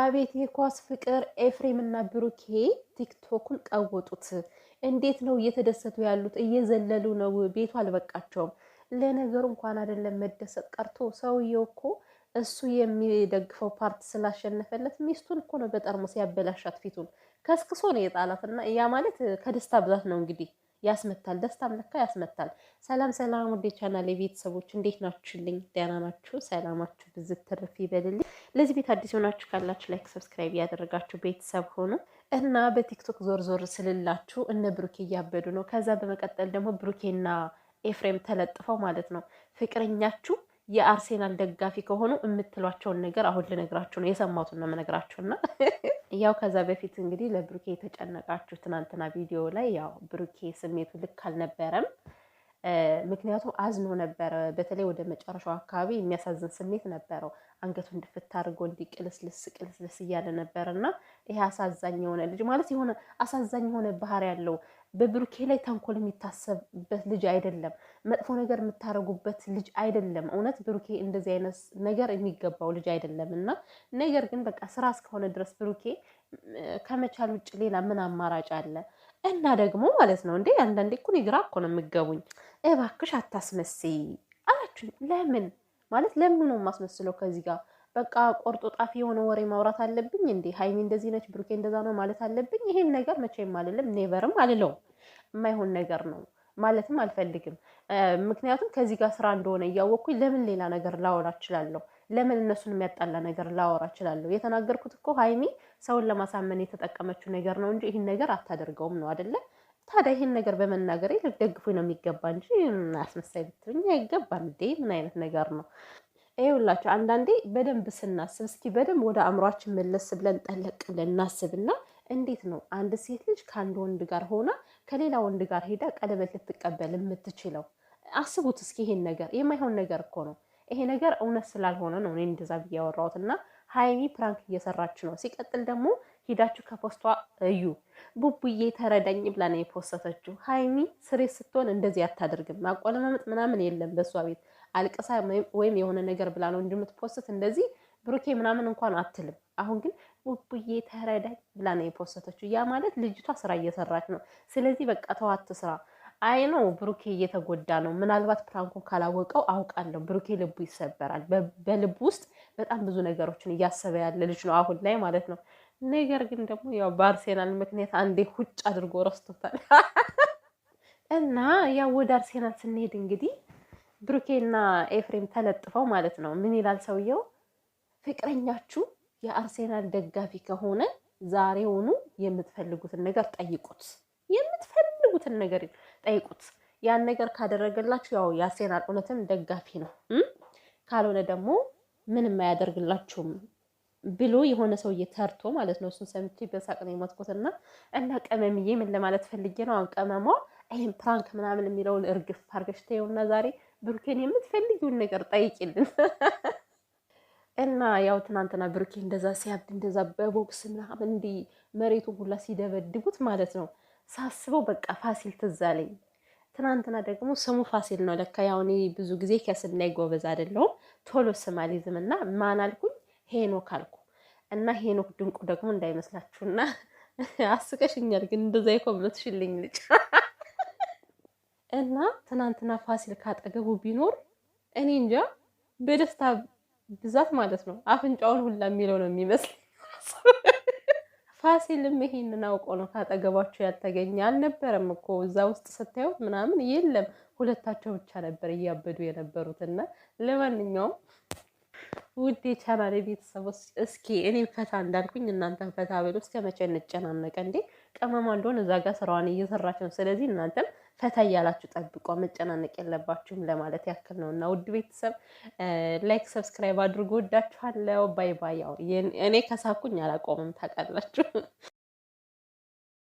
አቤት የኳስ ፍቅር! ኤፍሬም እና ብሩኬ ቲክቶኩን ቀወጡት። እንዴት ነው እየተደሰቱ ያሉት? እየዘለሉ ነው። ቤቱ አልበቃቸውም። ለነገሩ እንኳን አይደለም መደሰት ቀርቶ ሰውየው እኮ እሱ የሚደግፈው ፓርቲ ስላሸነፈለት ሚስቱን እኮ ነው በጠርሙስ ያበላሻት። ፊቱን ከስክሶ ነው የጣላት እና ያ ማለት ከደስታ ብዛት ነው እንግዲህ ያስመታል። ደስታም ለካ ያስመታል። ሰላም ሰላም፣ ወደ ቻናል የቤተሰቦች እንዴት ናችሁልኝ? ደህና ናችሁ? ሰላማችሁ ብዝት ትርፍ ይበልልኝ። ለዚህ ቤት አዲስ የሆናችሁ ካላችሁ ላይክ፣ ሰብስክራይብ እያደረጋችሁ ቤተሰብ ሆኑ እና በቲክቶክ ዞር ዞር ስልላችሁ እነ ብሩኬ እያበዱ ነው። ከዛ በመቀጠል ደግሞ ብሩኬና ኤፍሬም ተለጥፈው ማለት ነው ፍቅረኛችሁ የአርሴናል ደጋፊ ከሆኑ የምትሏቸውን ነገር አሁን ልነግራችሁ ነው። የሰማሁትን ነው ያው ከዛ በፊት እንግዲህ ለብሩኬ የተጨነቃችሁ ትናንትና ቪዲዮ ላይ ያው ብሩኬ ስሜቱ ልክ አልነበረም። ምክንያቱም አዝኖ ነበረ። በተለይ ወደ መጨረሻው አካባቢ የሚያሳዝን ስሜት ነበረው። አንገቱ ድፍት አድርጎ እንዲህ ቅልስልስ ቅልስልስ እያለ ነበር እና ይሄ አሳዛኝ የሆነ ልጅ ማለት የሆነ አሳዛኝ የሆነ ባህሪ ያለው በብሩኬ ላይ ተንኮል የሚታሰብበት ልጅ አይደለም። መጥፎ ነገር የምታደርጉበት ልጅ አይደለም። እውነት ብሩኬ እንደዚህ አይነት ነገር የሚገባው ልጅ አይደለም እና ነገር ግን በቃ ስራ እስከሆነ ድረስ ብሩኬ ከመቻል ውጭ ሌላ ምን አማራጭ አለ? እና ደግሞ ማለት ነው እንዴ አንዳንዴ እኮ እኔ ግራ እኮ ነው የምገቡኝ። እባክሽ አታስመስይ አላችሁኝ። ለምን ማለት ለምን ነው የማስመስለው? ከዚህ ጋር በቃ ቆርጦ ጣፊ የሆነ ወሬ ማውራት አለብኝ እንዴ? ሀይሚ እንደዚህ ነች፣ ብሩኬ እንደዛ ነው ማለት አለብኝ? ይሄን ነገር መቼም አልልም፣ ኔቨርም አልለው የማይሆን ነገር ነው ማለትም አልፈልግም። ምክንያቱም ከዚህ ጋር ስራ እንደሆነ እያወቅኩኝ ለምን ሌላ ነገር ላወራ እችላለሁ? ለምን እነሱን የሚያጣላ ነገር ላወራ እችላለሁ? የተናገርኩት እኮ ሀይሚ ሰውን ለማሳመን የተጠቀመችው ነገር ነው እንጂ ይህን ነገር አታደርገውም ነው አደለ? ታዲያ ይህን ነገር በመናገሬ ልደግፉ ነው የሚገባ እንጂ አስመሳይ ብትሉኝ አይገባም እንዴ! ምን አይነት ነገር ነው? ይኸውላችሁ አንዳንዴ በደንብ ስናስብ እስኪ በደንብ ወደ አእምሯችን መለስ ብለን ጠለቅ ብለን እናስብና እንዴት ነው አንድ ሴት ልጅ ከአንድ ወንድ ጋር ሆና ከሌላ ወንድ ጋር ሄዳ ቀለበት ልትቀበል የምትችለው? አስቡት እስኪ ይሄን ነገር። የማይሆን ነገር እኮ ነው። ይሄ ነገር እውነት ስላልሆነ ነው እኔ እንደዛ ብዬ ያወራሁት እና ሀይሚ ፕራንክ እየሰራች ነው። ሲቀጥል ደግሞ ሂዳችሁ ከፖስቷ እዩ። ቡቡዬ ተረዳኝ ብላ ነው የፖሰተችው። ሀይሚ ስሬት ስትሆን እንደዚህ አታደርግም። ማቆለመምጥ ምናምን የለም በእሷ ቤት። አልቅሳ ወይም የሆነ ነገር ብላ ነው እንጂ እንደዚህ ብሩኬ ምናምን እንኳን አትልም። አሁን ግን ቡቡዬ ተረዳኝ ብላ ነው የፖሰተችው። ያ ማለት ልጅቷ ስራ እየሰራች ነው። ስለዚህ በቃ ተዋት ስራ አይ ነው ብሩኬ እየተጎዳ ነው። ምናልባት ፕራንኩን ካላወቀው አውቃለሁ ብሩኬ ልቡ ይሰበራል። በልቡ ውስጥ በጣም ብዙ ነገሮችን እያሰበ ያለ ልጅ ነው አሁን ላይ ማለት ነው። ነገር ግን ደግሞ ያው በአርሴናል ምክንያት አንዴ ሁጭ አድርጎ ረስቶታል እና ያው ወደ አርሴናል ስንሄድ እንግዲህ ብሩኬና ኤፍሬም ተለጥፈው ማለት ነው። ምን ይላል ሰውየው? ፍቅረኛችሁ የአርሴናል ደጋፊ ከሆነ ዛሬውኑ የምትፈልጉትን ነገር ጠይቁት የፈለጉትን ነገር ጠይቁት። ያን ነገር ካደረገላችሁ ያው የአርሴናል እውነትም ደጋፊ ነው፣ ካልሆነ ደግሞ ምንም አያደርግላችሁም ብሎ የሆነ ሰውዬ ተርቶ ማለት ነው። እሱን ሰምቼ በሳቅ ነው የሞትኩትና እና ቀመምዬ ምን ለማለት ፈልጌ ነው? አሁን ቀመሟ ይህም ፕራንክ ምናምን የሚለውን እርግፍ አድርገሽ ተይውና ዛሬ ብሩኬን የምትፈልጊውን ነገር ጠይቂልን። እና ያው ትናንትና ብሩኬ እንደዛ ሲያብድ እንደዛ በቦክስ ምናምን እንዲህ መሬቱ ሁላ ሲደበድቡት ማለት ነው ሳስበው በቃ ፋሲል ትዝ አለኝ። ትናንትና ደግሞ ስሙ ፋሲል ነው ለካ። ያው እኔ ብዙ ጊዜ ከስም ላይ ጎበዝ አይደለሁም። ቶሎ ስም አልይዝም እና ማን አልኩኝ? ሄኖክ አልኩ እና ሄኖክ ድንቁ ደግሞ እና አስቀሽኛል። ግን እንደዛ ሽልኝ ልጭ እና ትናንትና ፋሲል ካጠገቡ ቢኖር እኔ እንጃ በደስታ ብዛት ማለት ነው አፍንጫውን ሁላ የሚለው ነው የሚመስል ፋሲልም ይሄንን አውቆ ነው ካጠገባቸው ያልተገኘ አልነበረም እኮ እዛ ውስጥ ስታዩት ምናምን የለም፣ ሁለታቸው ብቻ ነበር እያበዱ የነበሩት እና ለማንኛውም ውድ የቻናል ቤተሰቦች እስኪ እኔ ፈታ እንዳልኩኝ እናንተም ፈታ ብሎ እስከ መቼ እንጨናነቀ እንዴ? ቅመማ እንደሆነ እዛ ጋር ስራዋን እየሰራች ነው። ስለዚህ እናንተም ፈታ እያላችሁ ጠብቋ፣ መጨናነቅ የለባችሁም ለማለት ያክል ነው። እና ውድ ቤተሰብ ላይክ፣ ሰብስክራይብ አድርጎ ወዳችኋለው ባይ ባይ። ያው እኔ ከሳኩኝ አላቆምም ታውቃላችሁ።